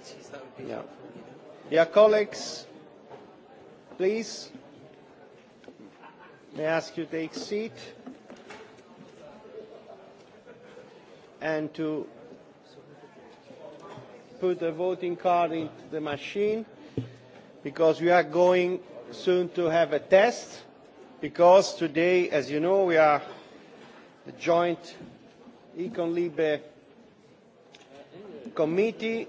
committees, that would be yeah. helpful. You know? Yeah, colleagues, please. May I ask you to take a seat and to put the voting card into the machine because we are going soon to have a test because today, as you know, we are the joint Econ Libre committee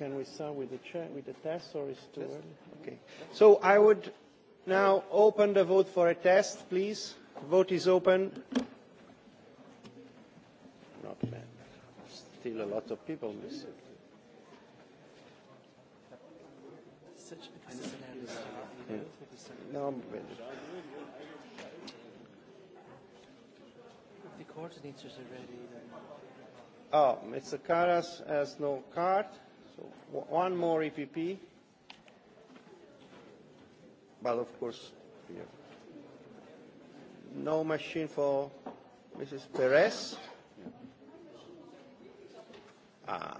Can we start with the, chair, with the test, or is it too test? early? Okay. So I would now open the vote for a test, please. Vote is open. Not bad. Still a lot of people missing. No, I'm ready. The coordinators are ready. Then. Oh, Mr. Karas has no card. So one more EPP. But of course, yeah. no machine for Mrs. Perez. Ah.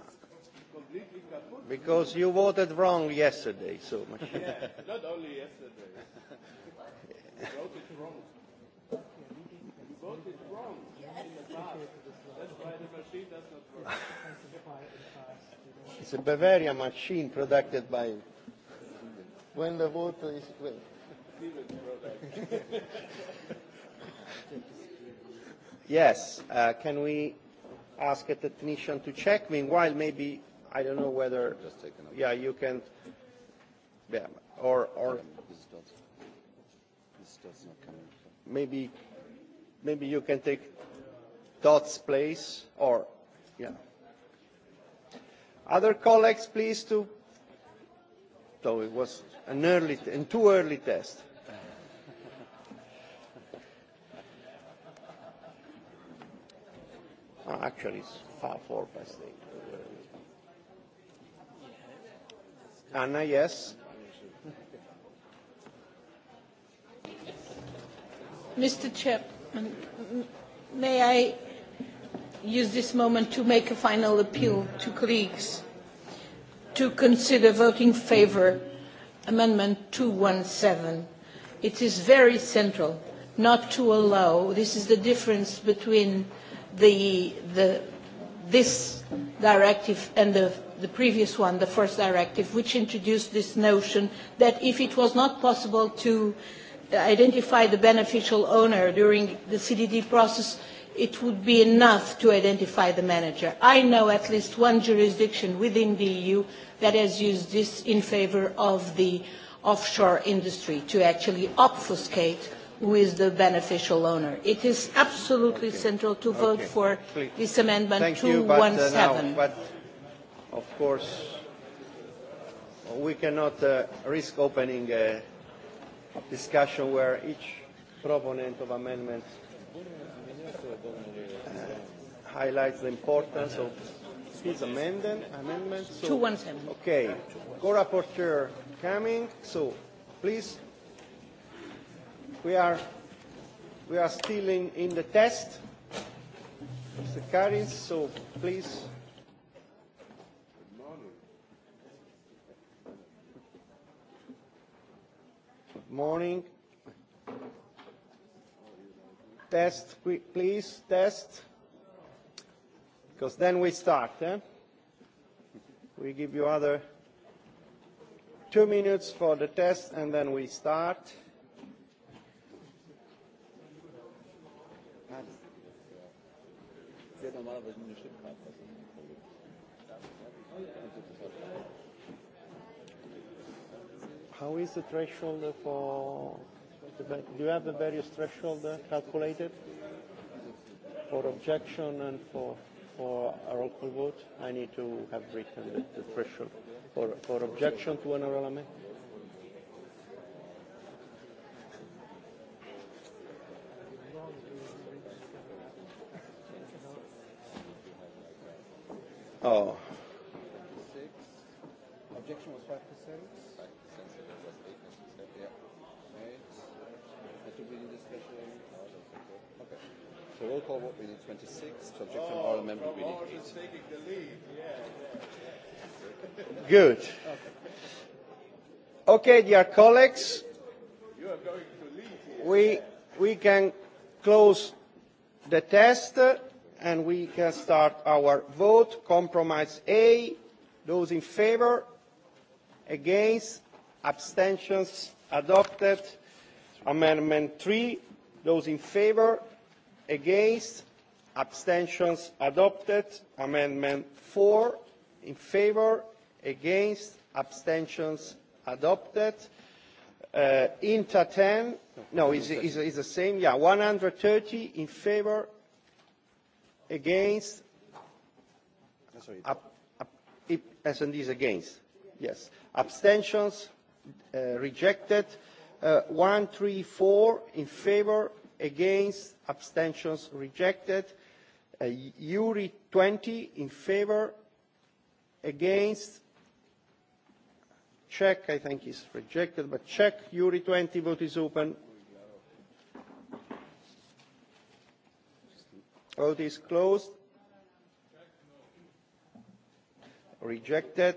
Because you voted wrong yesterday, so much. yeah, not only yesterday. you voted wrong. You voted wrong. Yes. In the past. That's why the machine does not work. It's a Bavaria machine produced by. When the water is. Well. yes, uh, can we ask a technician to check? Meanwhile, maybe, I don't know whether. Just take another. Yeah, you can. Yeah, or. or this does, this does not come in. Maybe, maybe you can take Dot's place or. Yeah. Other colleagues, please, to... So it was an early and too early test. oh, actually, it's far four past eight. Anna, yes. Mr. Chairman, may I use this moment to make a final appeal to colleagues to consider voting in favour amendment 217. It is very central not to allow, this is the difference between the, the, this directive and the, the previous one, the first directive, which introduced this notion that if it was not possible to identify the beneficial owner during the CDD process, it would be enough to identify the manager. I know at least one jurisdiction within the EU that has used this in favor of the offshore industry to actually obfuscate who is the beneficial owner. It is absolutely okay. central to vote okay. for Please. this amendment Thank 217. You, but, uh, now, but of course, we cannot uh, risk opening a discussion where each proponent of amendments highlights the importance of this amendment. amendment. So, 217. Okay. Co-rapporteur coming. So, please, we are, we are still in, in the test. Mr. Karins, so please. Good morning. Test, please, test because then we start. Eh? We give you other two minutes for the test and then we start. normalerweise nur eine Stimmkarte. How is the threshold for the, do you have the various threshold calculated for objection and for for a roll call vote, I need to have written the, the threshold for, for objection to an oral amendment. Oh. for roll call vote, we need 26. To object to an oral amendment, we need 8. taking the lead, yeah. Good. Okay, dear colleagues, you are going to lead here. We, we can close the test and we can start our vote. Compromise A, those in favour, against, abstentions, adopted. Amendment 3, those in favour, against abstentions adopted amendment 4 in favor against abstentions adopted uh, inter 10 no is is is the same yeah 130 in favor against up, up, S&D is against yes abstentions uh, rejected uh, 134 in favor against abstentions rejected uh, URI 20 in favor against check I think is rejected but check URI 20 vote is open vote is closed rejected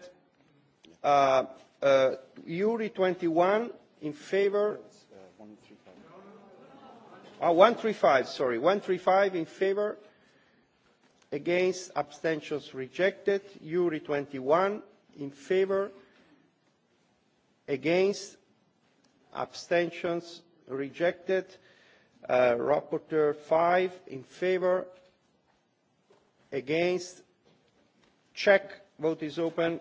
uh, uh, URI 21 in favor Uh, 135, sorry, 135 in favor, against, abstentions rejected. URI 21 in favor, against, abstentions rejected. Uh, rapporteur 5 in favor, against, check, vote is open.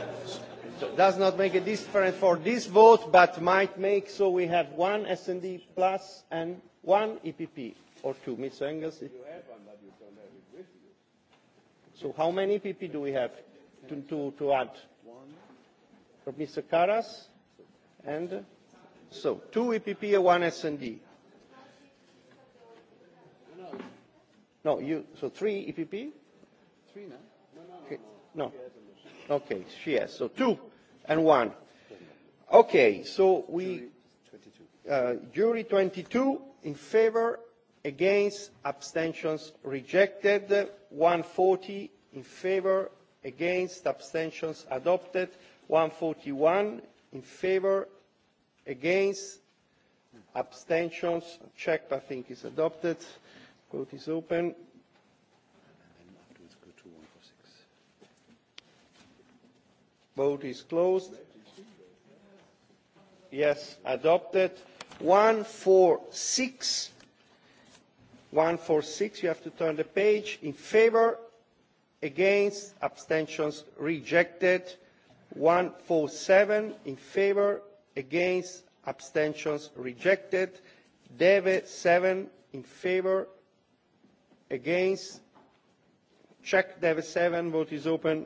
does not make a difference for this vote, but might make so we have one S&D plus and one EPP or two. Mr. Engels? You have one, but you don't have it with you. So how many EPP do we have to, to, to add? One. From Mr. Karas? And so, two EPP and one S&D. No, you, so three EPP? Three, no? No, no, no. no. no. Okay, she has. So two and 1. Okay, so we... Uh, jury 22 in favor, against, abstentions rejected. 140 in favor, against, abstentions adopted. 141 in favor, against, abstentions checked, I think is adopted. Vote is open. Vote is closed. Yes, adopted. 146. 146, you have to turn the page. In favor, against, abstentions rejected. 147, in favor, against, abstentions rejected. Deve 7, in favor, against. Check Deve 7, vote is open.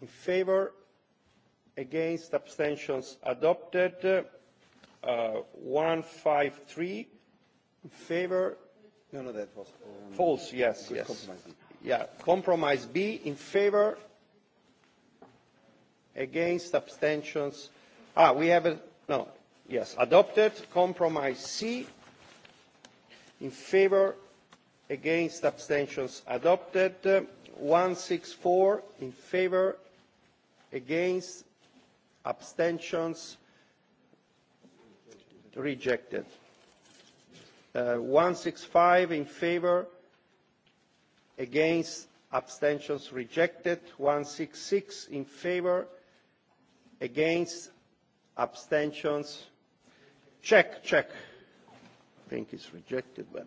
in favor against abstentions adopted uh, 153 in favor no no that was um, false yes yes compromise b. yeah compromise b in favor against abstentions ah we have a no yes adopted compromise c in favor against abstentions adopted 164 in favor against abstentions rejected uh, 165 in favor against abstentions rejected 166 in favor against abstentions check check i think it's rejected but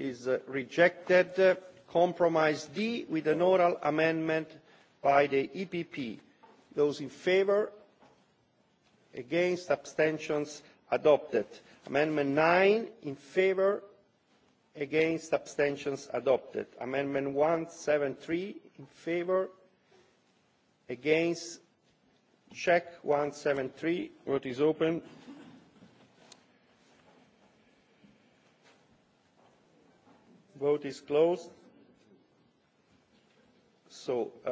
is uh, rejected. compromise d with an oral amendment by the epp. those in favour against abstentions adopted. amendment nine in favour against abstentions adopted. amendment one hundred and seventy three in favour against check one hundred and seventy three vote is open. Vote is closed. So uh,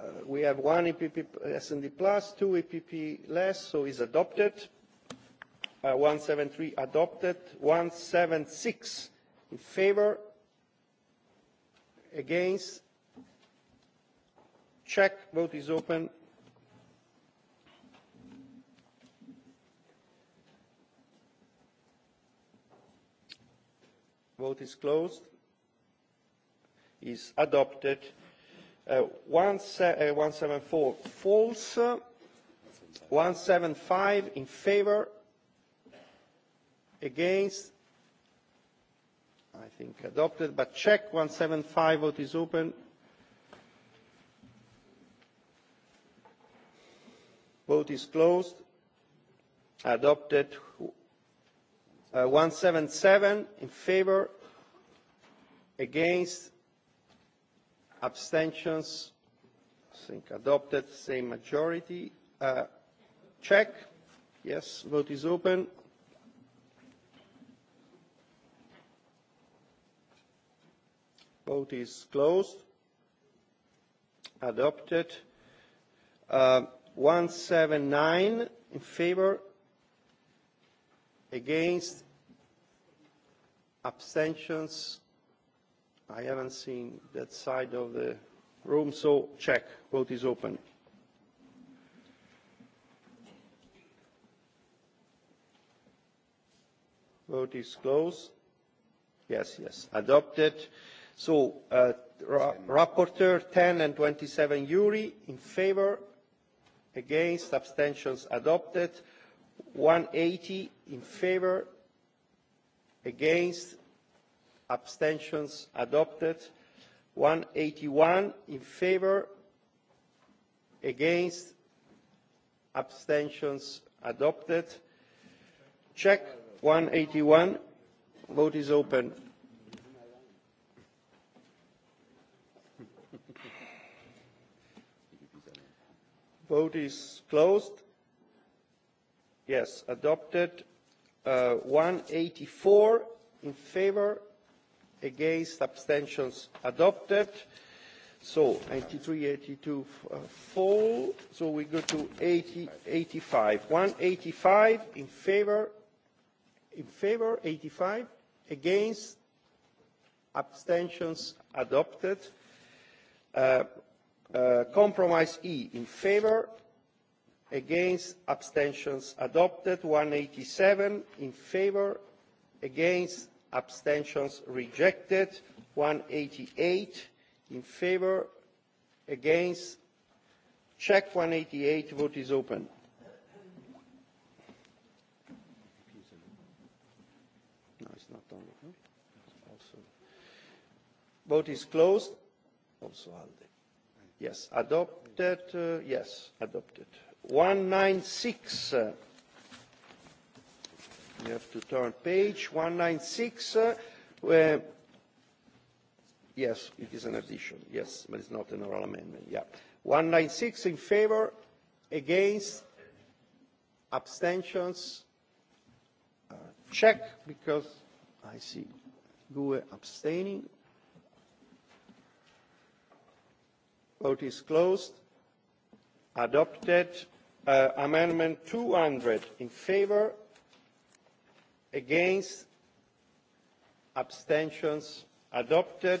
uh, we have one EPP S&D plus, two EPP less, so is adopted. Uh, 173 adopted. 176 in favor. Against. Check. Vote is open. vote is closed is adopted uh, one se uh, 174 false uh, 175 in favor against I think adopted but check 175 vote is open vote is closed adopted Uh, 177 in favor, against, abstentions, I think adopted, same majority. Uh, check. Yes, vote is open. Vote is closed. Adopted. Uh, 179 in favor, Against? Abstentions? I haven't seen that side of the room, so check. Vote is open. Vote is closed. Yes, yes, adopted. So, uh, ra rapporteur 10 and 27 Yuri in favor, against, abstentions adopted. 180 in favor against abstentions adopted 181 in favor against abstentions adopted check 181 vote is open vote is closed yes adopted Uh, 184 in favor, against, abstentions adopted. So 93, 82 uh, fall. So we go to 80, 85. 185 in favor, in favor, 85 against, abstentions adopted. Uh, uh, compromise E in favor, against abstentions adopted one hundred and eighty seven in favour against abstentions rejected one hundred and eighty eight in favour against check one hundred and eighty eight vote is open no it's not only no? also vote is closed also alde yes adopted uh, yes adopted 196. Uh, you have to turn page 196. Uh, where, yes, it is an addition. Yes, but it's not an oral amendment. Yeah. 196 in favor, against, abstentions. Uh, check because I see GUE abstaining. Vote is closed adopted uh, amendment 200 in favor against abstentions adopted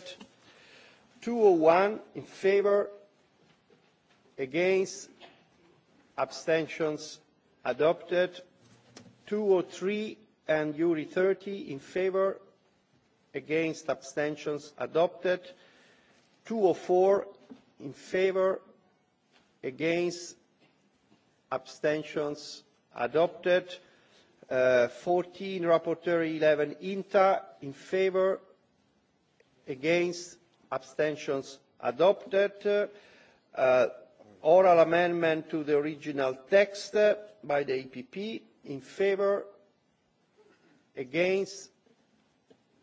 201 in favor against abstentions adopted 203 and URI 30 in favor against abstentions adopted 204 in favor against abstentions adopted uh, 14 rapporteur 11 inta in favor against abstentions adopted uh, oral amendment to the original text by the epp in favor against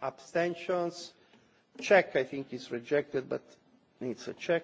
abstentions check i think is rejected but needs a check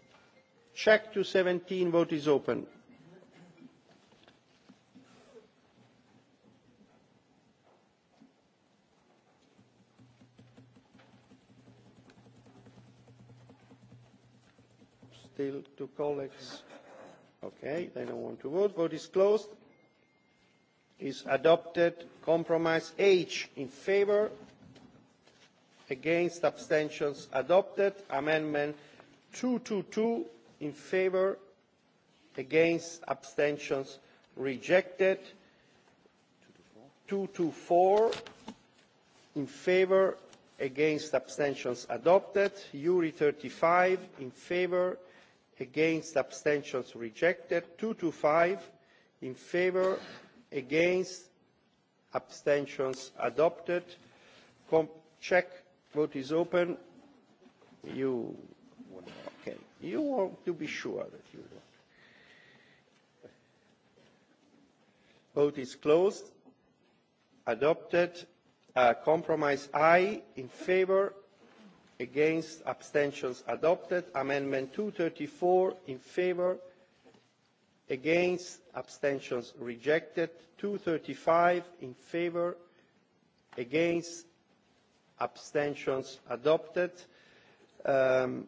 check 217 vote is open still two colleagues okay they don't want to vote vote is closed is adopted compromise h in favor against abstentions adopted amendment two hundred and twenty two in favour against abstentions rejected two to four in favour against abstentions adopted uri thirty five in favour against abstentions rejected two to five in favour against abstentions adopted Com check vote is open you You want to be sure that you want. Vote is closed. Adopted. Uh, compromise I in favour. Against. Abstentions adopted. Amendment 234 in favour. Against. Abstentions rejected. 235 in favour. Against. Abstentions adopted. Um,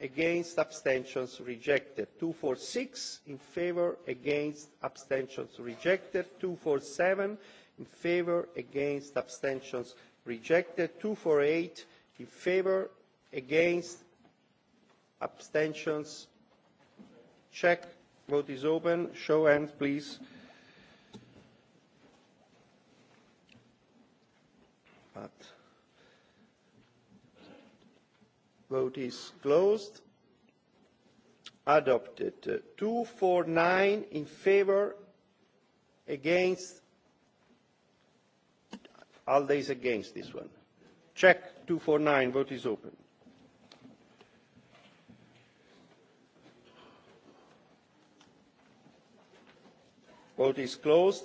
against abstentions rejected two four six in favour against abstentions rejected two four seven in favour against abstentions rejected two four eight in favour against abstentions check vote is open show hands please but Vote is closed. Adopted. 249 in favor, against. ALDE is against this one. Check 249. Vote is open. Vote is closed.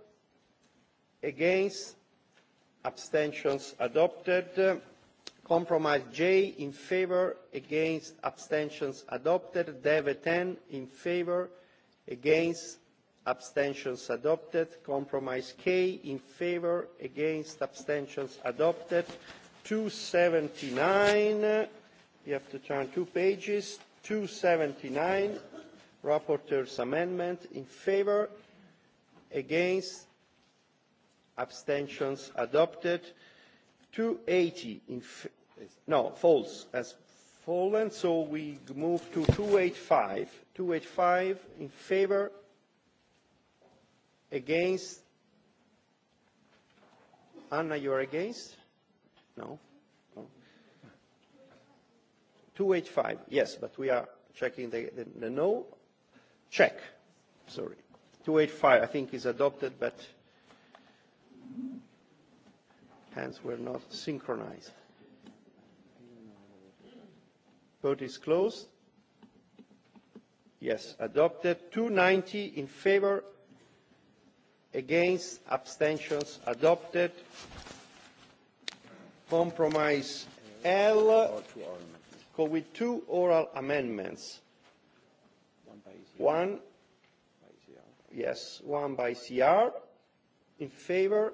against abstentions adopted compromise j in favour against abstentions adopted dev 10 in favour against abstentions adopted compromise k in favour against abstentions adopted 279 you have to turn two pages 279 rapporteur's amendment in favour against abstentions adopted 280 in no false as fallen so we move to 285 285 in favor against Anna you are against no, no. 285 yes but we are checking the, the, the no check sorry 285 I think is adopted but hands were not synchronized. Vote is closed. Yes, adopted. 290 in favor, against, abstentions adopted. Compromise L with two oral amendments. One by ECR. One, by ECR. yes, one by CR in favor,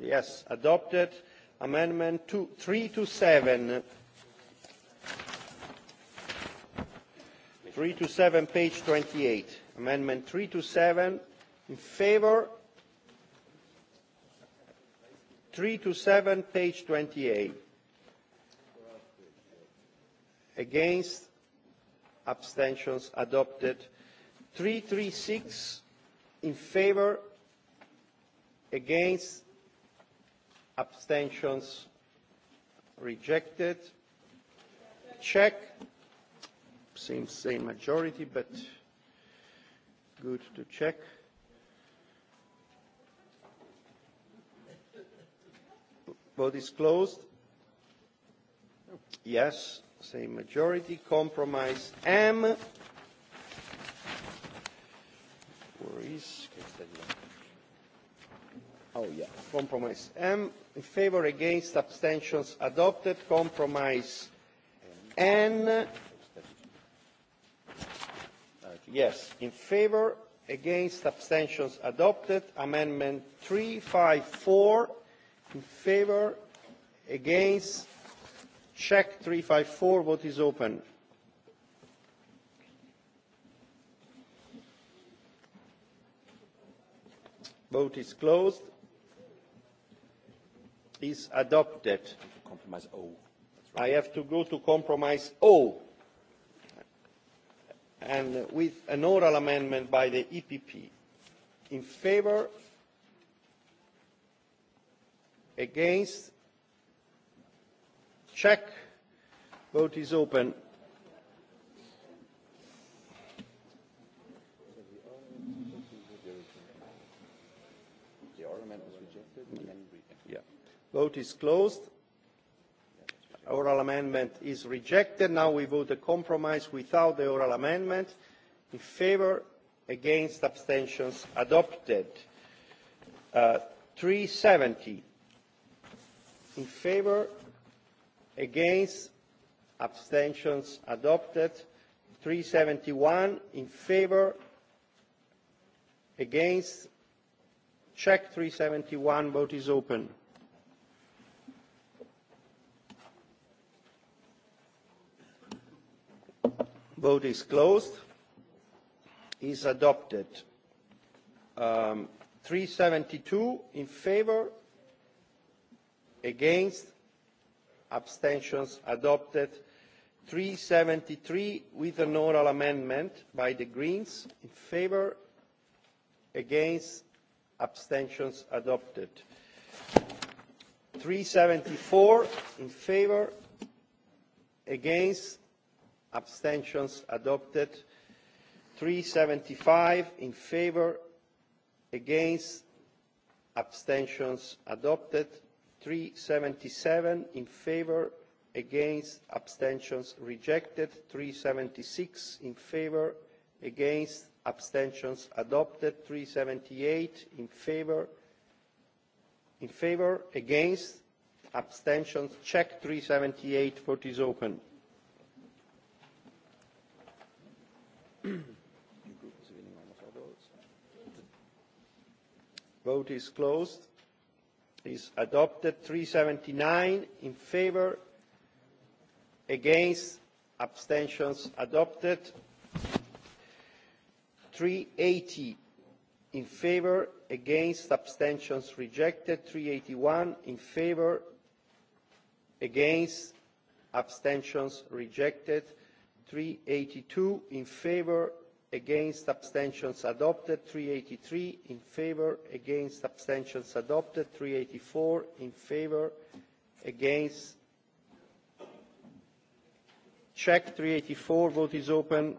yes adopted amendment two three to seven three to seven page twenty eight amendment three to seven in favor three to seven page twenty eight against abstentions adopted three three six in favor against abstentions rejected check same same majority but good to check vote is closed yes same majority compromise m where is Castello? Oh, yeah. Compromise M. In favor, against, abstentions adopted. Compromise N. Yes. In favor, against, abstentions adopted. Amendment 354. In favor, against, check 354. Vote is open. Vote is closed is adopted. Compromise O. Right. I have to go to compromise O. And with an oral amendment by the EPP. In favor? Against? Check. Vote is open. Vote is closed. Oral amendment is rejected. Now we vote the compromise without the oral amendment. In favour, against, abstentions adopted. Uh, 370. In favour, against, abstentions adopted. 371 in favour, against, check 371, vote is open. Vote is closed. Is adopted. Um, 372 in favor, against, abstentions adopted. 373 with an oral amendment by the Greens in favor, against, abstentions adopted. 374 in favor, against, abstentions adopted 375 in favor against abstentions adopted 377 in favor against abstentions rejected 376 in favor against abstentions adopted 378 in favor in favor against abstentions check 378 vote is open vote is closed is adopted 379 in favor against abstentions adopted 380 in favor against abstentions rejected 381 in favor against abstentions rejected 382 in favor against abstentions adopted 383 in favor against abstentions adopted 384 in favor against check 384 vote is open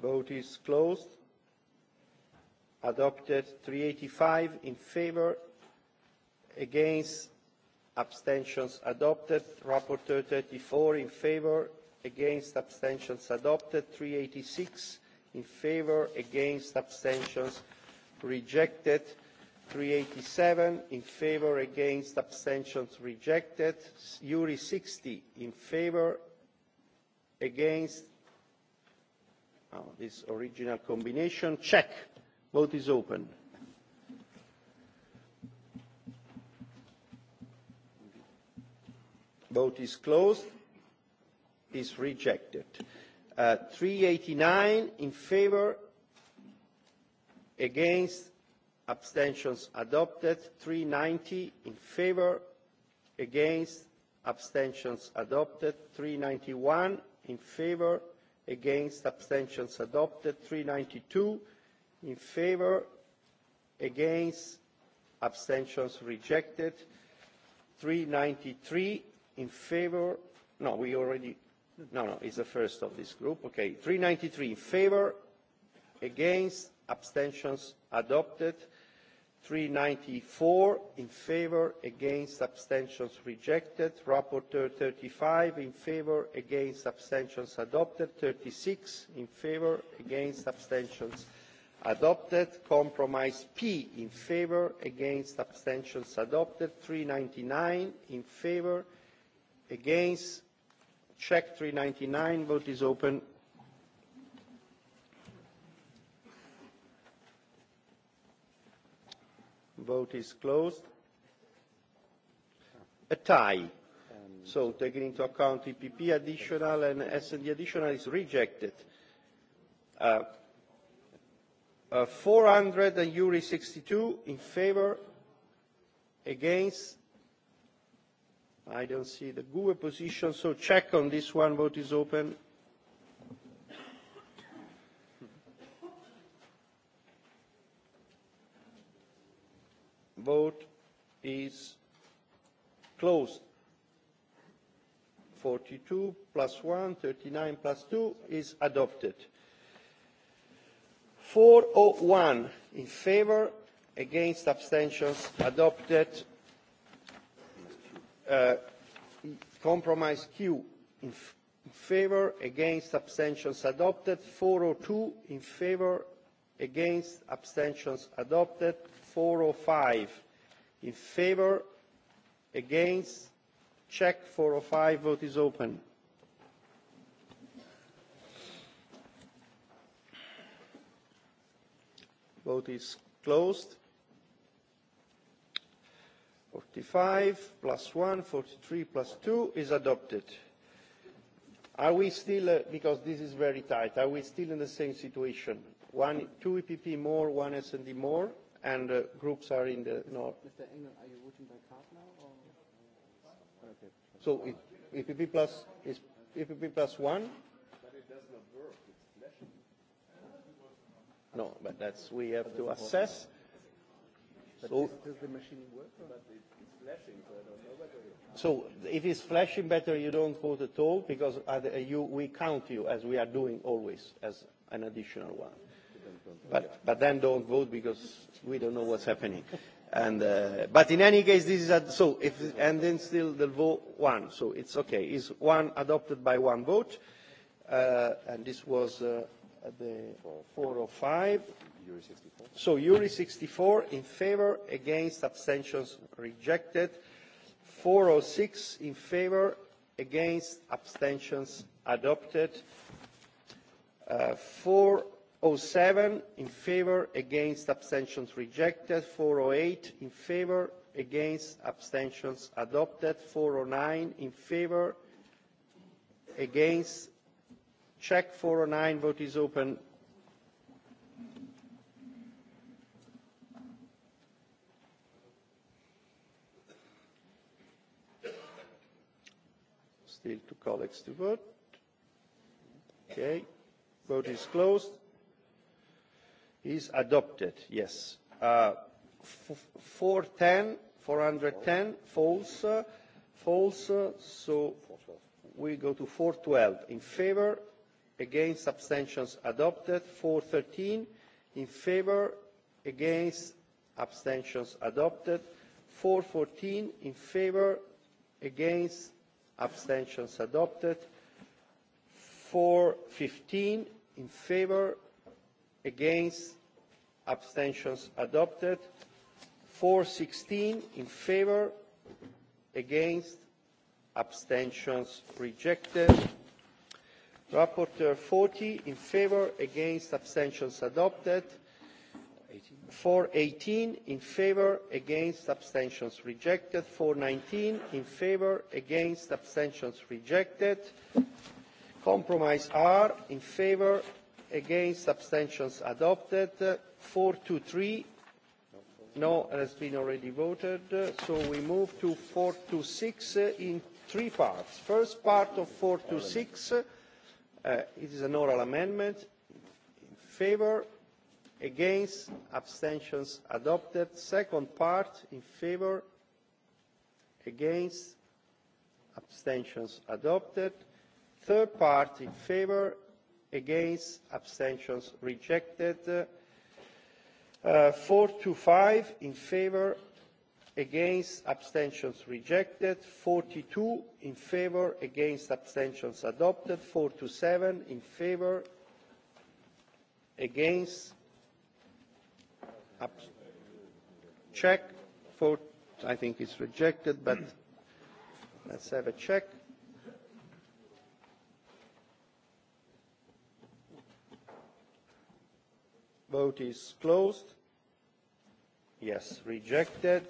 vote is closed adopted 385 in favor against abstentions adopted rapporteur thirty four in favour against abstentions adopted three hundred and eighty six in favour against abstentions rejected three hundred and eighty seven in favour against abstentions rejected uri sixty in favour against oh, this original combination check vote is open vote is closed is rejected uh, 389 in favor against abstentions adopted 390 in favor against abstentions adopted 391 in favor against abstentions adopted 392 in favor against abstentions rejected 393 in favour no we already no no it's the first of this group okay 393 in favour against abstentions adopted 394 in favour against abstentions rejected rapporteur 35 in favour against abstentions adopted 36 in favour against abstentions adopted compromise p in favour against abstentions adopted 399 in favour against check 399 vote is open vote is closed a tie so taking into account EPP additional and S&D additional is rejected uh, uh, 400 and URI 62 in favor against I don't see the GUE position, so check on this one. Vote is open. Vote is closed. 42 plus 1, 39 plus 2 is adopted. 401 in favor, against abstentions adopted Uh, compromise Q in favour, against abstentions adopted. 402 in favour, against abstentions adopted. 405 in favour, against check 405 vote is open. Vote is closed 45 plus 1, 43 plus 2 is adopted. Are we still, uh, because this is very tight, are we still in the same situation? One, two EPP more, one S&D more, and uh, groups are in the north. Mr. Engel, are you voting by card now? Or? Okay. So it, EPP plus is EPP plus one. But it does not work. It's flashing. No, but that's we have that's to assess. Important So, does the machine work? But it, it's flashing, so I don't know whether it. So if it's flashing better, you don't vote at all because at, uh, you, we count you as we are doing always as an additional one. But, but then don't vote because we don't know what's happening. And, uh, but in any case, this is a, so. If, and then still the vote one, so it's okay. Is one adopted by one vote? Uh, and this was uh, the four or oh five. Euro 64. So Euro 64 in favor, against, abstentions rejected. 406 in favor, against, abstentions adopted. Uh, 407 in favor, against, abstentions rejected. 408 in favor, against, abstentions adopted. 409 in favor, against, check 409, vote is open. still two colleagues to vote. Okay. Vote is closed. Is adopted. Yes. Uh, 410, 410, false, uh, false. Uh, so we go to 412. In favor, against, abstentions adopted. 413, in favor, against, abstentions adopted. 414, in favor, against, abstentions adopted. 415 in favor against abstentions adopted. 416 in favor against abstentions rejected. Rapporteur 40 in favor against abstentions adopted. 418 in favour against abstentions rejected 419 in favour against abstentions rejected compromise r in favour against abstentions adopted 423 no has been already voted so we move to 426 in three parts first part of 426 uh, it is an oral amendment in favour against abstentions adopted second part in favour against abstentions adopted third part in favour against abstentions rejected uh, four to five in favour against abstentions rejected forty two in favour against abstentions adopted four to seven in favour against up. Check. For, I think it's rejected, but let's have a check. Vote is closed. Yes, rejected.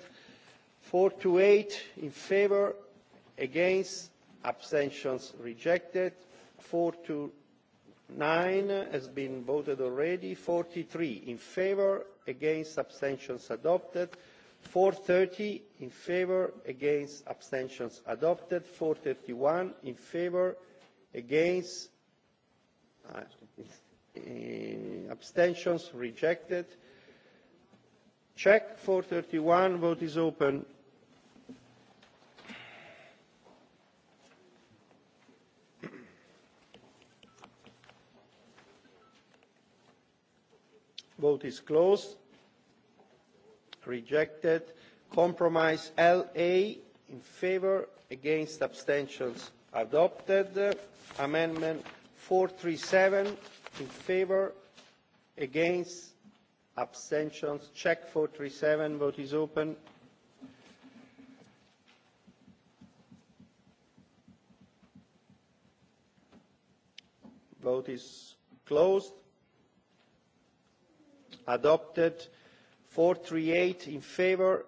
4 to 8 in favor, against, abstentions rejected. 4 to 9 has been voted already. 43 in favor, against abstentions adopted four thirty in favour against abstentions adopted four thirty one in favour against uh, uh, abstentions rejected check four thirty one vote is open Vote is closed. Rejected. Compromise LA in favour, against abstentions adopted. Amendment 437 in favour, against abstentions. Check 437. Vote is open. Vote is closed adopted four three eight in favour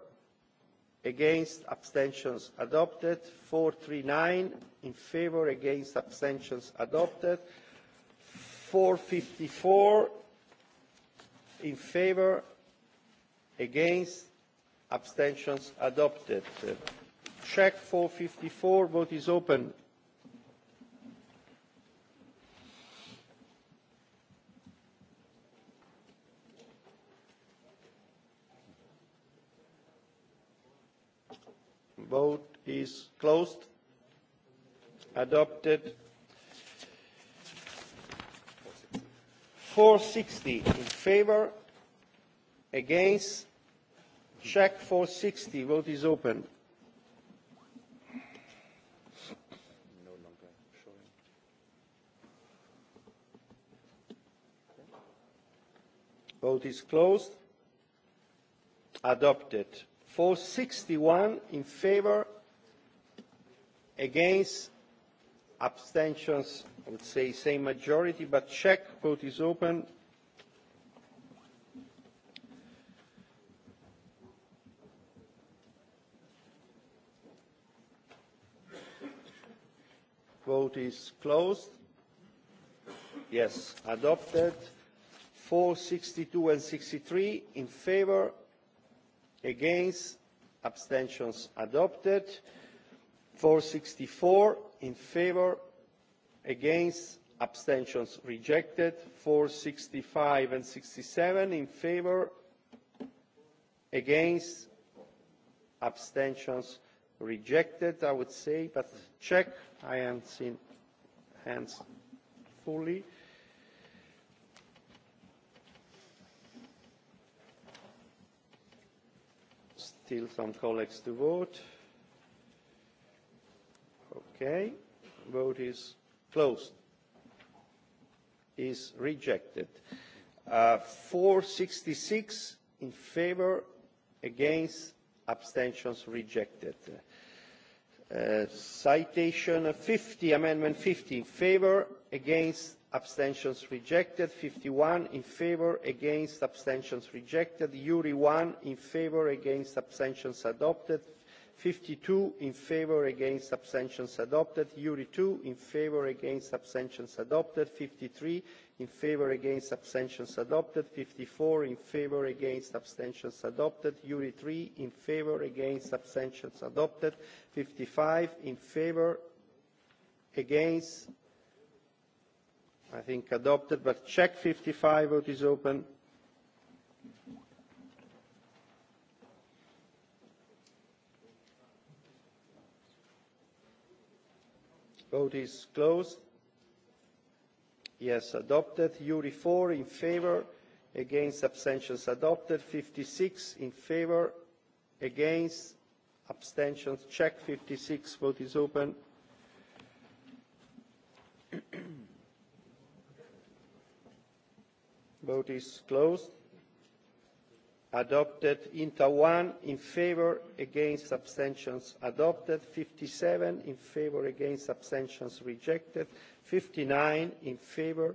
against abstentions adopted four three nine in favour against abstentions adopted four fifty four in favour against abstentions adopted check four fifty four vote is open vote is closed adopted four sixty in favour against check four sixty vote is open vote is closed adopted 461 in favor against abstentions i would say same majority but check vote is open vote is closed yes adopted 462 and 63 in favor against abstentions adopted four sixty four in favour against abstentions rejected four sixty five and sixty seven in favour against abstentions rejected i would say but check i haven't seen hands fully still some colleagues to vote. Okay. Vote is closed. Is rejected. Uh, 466 in favor, against, abstentions rejected. Uh, citation 50, amendment 50 in favor, against, abstentions rejected fifty one in favour against abstentions rejected uri one in favour against abstentions adopted fifty two in favour against abstentions adopted uri two in favour against abstentions adopted fifty three in favour against abstentions adopted fifty four in favour against abstentions adopted uri three in favour against abstentions adopted fifty five in favour against I think adopted, but check 55, vote is open. Vote is closed. Yes, adopted. URI 4 in favour, against abstentions adopted. 56 in favour, against abstentions. Check 56, vote is open. Vote is closed. Adopted. INTA 1 in favor, against abstentions adopted. 57 in favor, against abstentions rejected. 59 in favor,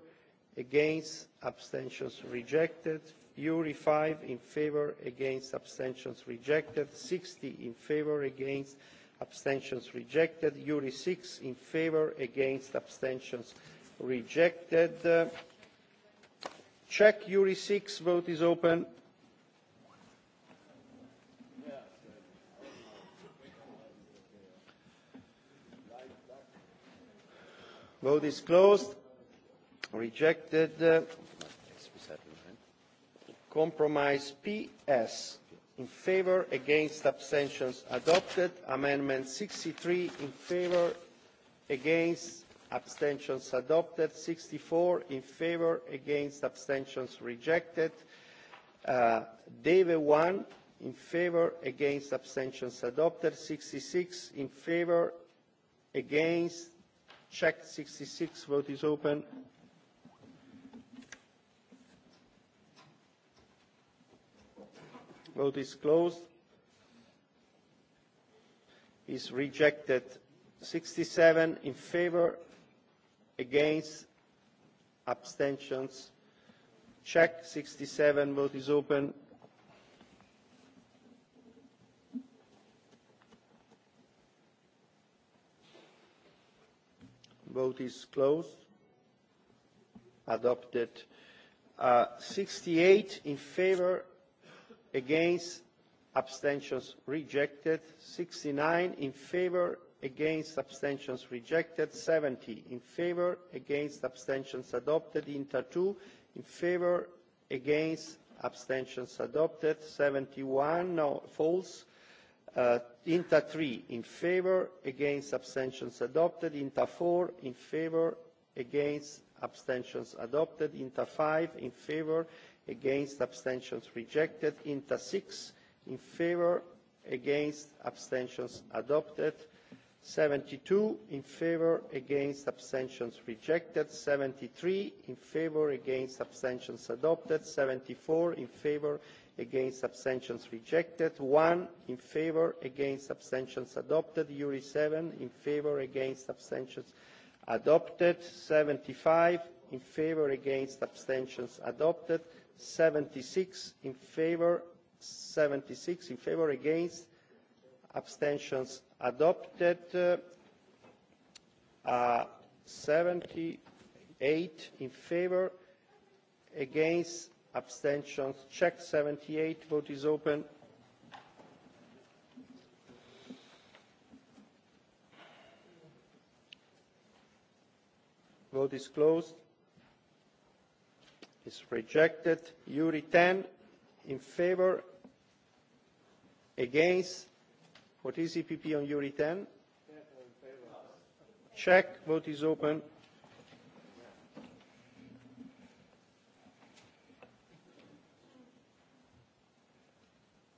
against abstentions rejected. URI 5 in favor, against abstentions rejected. 60 in favor, against abstentions rejected. URI 6 in favor, against abstentions rejected. Uh, check uri six vote is open vote is closed rejected uh, compromise ps in favour against abstentions adopted amendment sixty three in favour against abstentions adopted sixty four in favour against abstentions rejected uh, deve one in favour against abstentions adopted sixty six in favour against check sixty six vote is open vote is closed is rejected sixty seven in favour against abstentions check 67 vote is open vote is closed adopted uh, 68 in favor against abstentions rejected 69 in favor against abstentions rejected 70 in favor against abstentions adopted inter 2 in favor against abstentions adopted 71 no false uh, inter 3 in favor against abstentions adopted inter 4 in favor against abstentions adopted inter 5 in favor against abstentions rejected inter 6 in favor against abstentions adopted uh, 72 in favor against abstentions rejected 73 in favor against abstentions adopted 74 in favor against abstentions rejected 1 in favor against abstentions adopted URI 7 in favor against abstentions adopted 75 in favor against abstentions adopted 76 in favor 76 in favor against abstentions adopted uh, 78 in favor against abstentions check 78 vote is open vote is closed is rejected uri 10 in favor against What is EPP on URI 10? Check. Vote is open.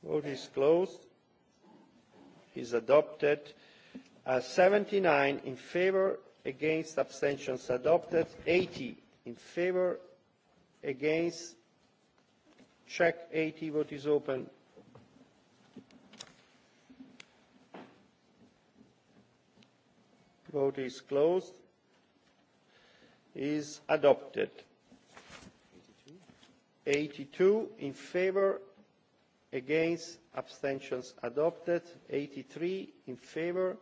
Vote is closed. Is adopted. Uh, 79 in favor, against abstentions adopted. 80 in favor, against. Check 80. Vote is open. Vote is closed. Is adopted. 82 in favor, against, abstentions adopted. 83 in favor,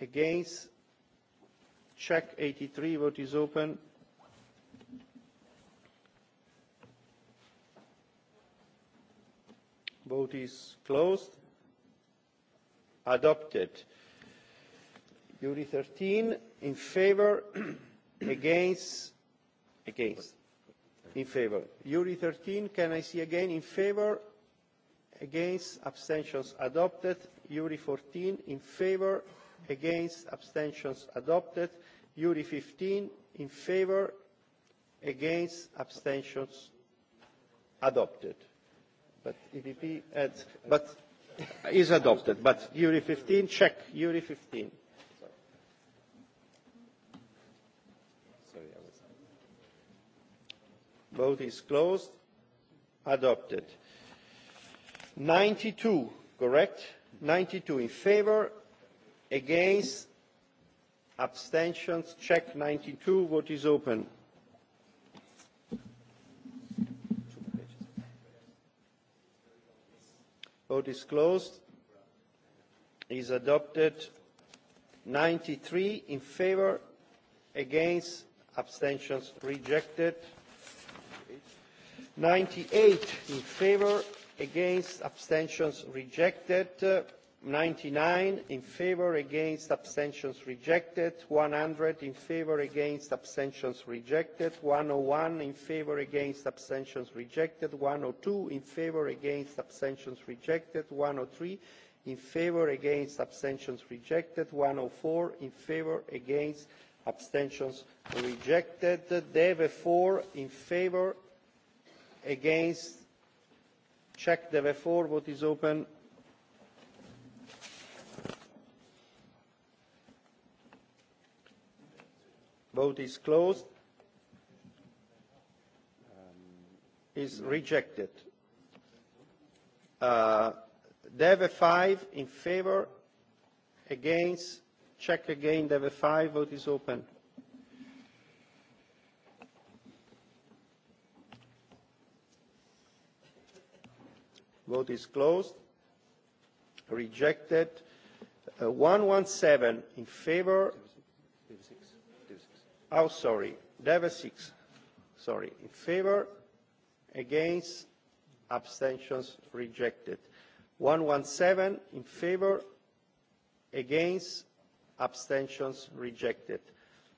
against, check 83, vote is open. Vote is closed. Adopted. Yuri 13 in favor against against in favor Yuri 13 can I see again in favor against abstentions adopted Yuri 14 in favor against abstentions adopted Yuri 15 in favor against abstentions adopted but EPP adds, but is adopted but Yuri 15 check Yuri 15 vote is closed adopted ninety two correct ninety two in favour against abstentions check ninety two vote is open vote is closed is adopted ninety three in favour against abstentions rejected 98 in favor against abstentions rejected 99 in favor against abstentions rejected 100 in favor against abstentions rejected 101 in favor against abstentions rejected 102 in favor against abstentions rejected 103 in favor against abstentions rejected 104 in favor against abstentions rejected deve 4 in favor against check the four vote is open vote is closed um, is rejected uh, dev five in favor against check again dev five vote is open vote is closed rejected uh, 117 in favor oh sorry deva 6 sorry in favor against abstentions rejected 117 in favor against abstentions rejected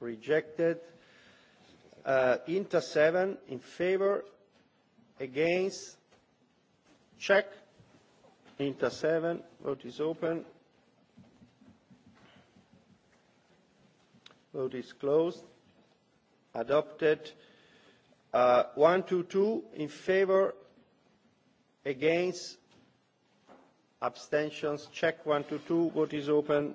rejected. Uh, Inter 7 in favor, against, check. Inter 7, vote is open. Vote is closed. Adopted. Uh, 122 in favor, against, abstentions, check. 122, vote is open.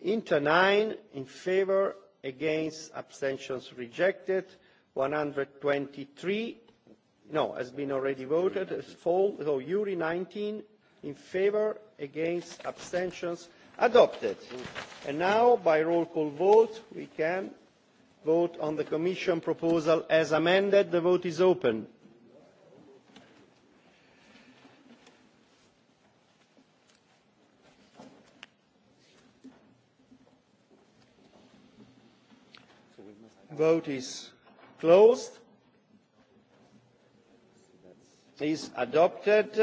inter nine in favour against abstentions rejected one hundred and twenty three no has been already voted as full so uri nineteen in favour against abstentions adopted and now by roll call vote we can vote on the commission proposal as amended the vote is open Vote is closed. Is adopted.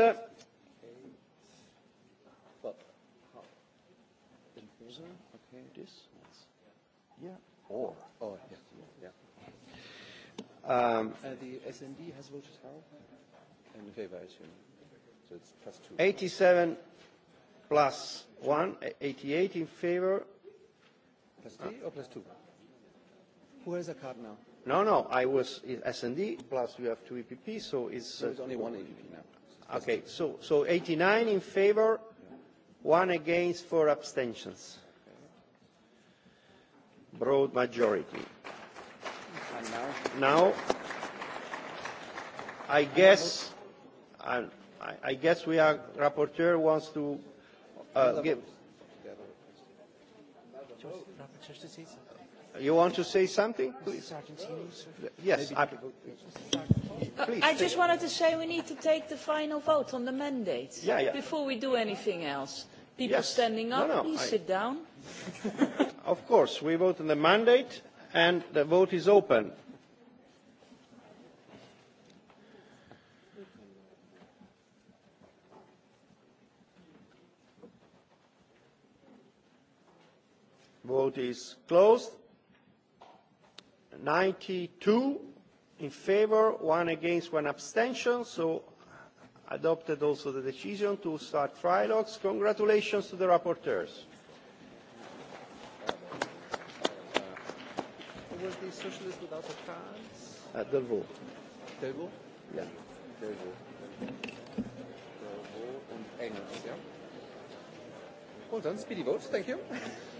Or. Or, yeah. yeah. Um, uh, the SND has voted how? In favour, I assume. So it's plus two. 87 plus 1, 88 in favour. Plus three uh, or plus two? Who has a card now? No, no, I was S&D, plus you have two EPP, so it's... So it's only one EPP now. Uh, okay, so, so 89 in favor, one against, four abstentions. Broad majority. And now? Now, I guess, I, I guess we are, rapporteur wants to uh, give... Rapporteur You want to say something? Please. Yes. I, please. I just wanted to say we need to take the final vote on the mandate yeah, yeah. before we do anything else. People yes. standing up, no, no, please I... sit down. of course, we vote on the mandate and the vote is open. Vote is closed. 92 in favor, one against, one abstention. So adopted also the decision to start trilogues. Congratulations to the rapporteurs. Was the socialist without a chance? At Delvaux. Delvaux? Yeah. Delvaux. Delvaux und Engels, ja. Well done, speedy vote, thank you.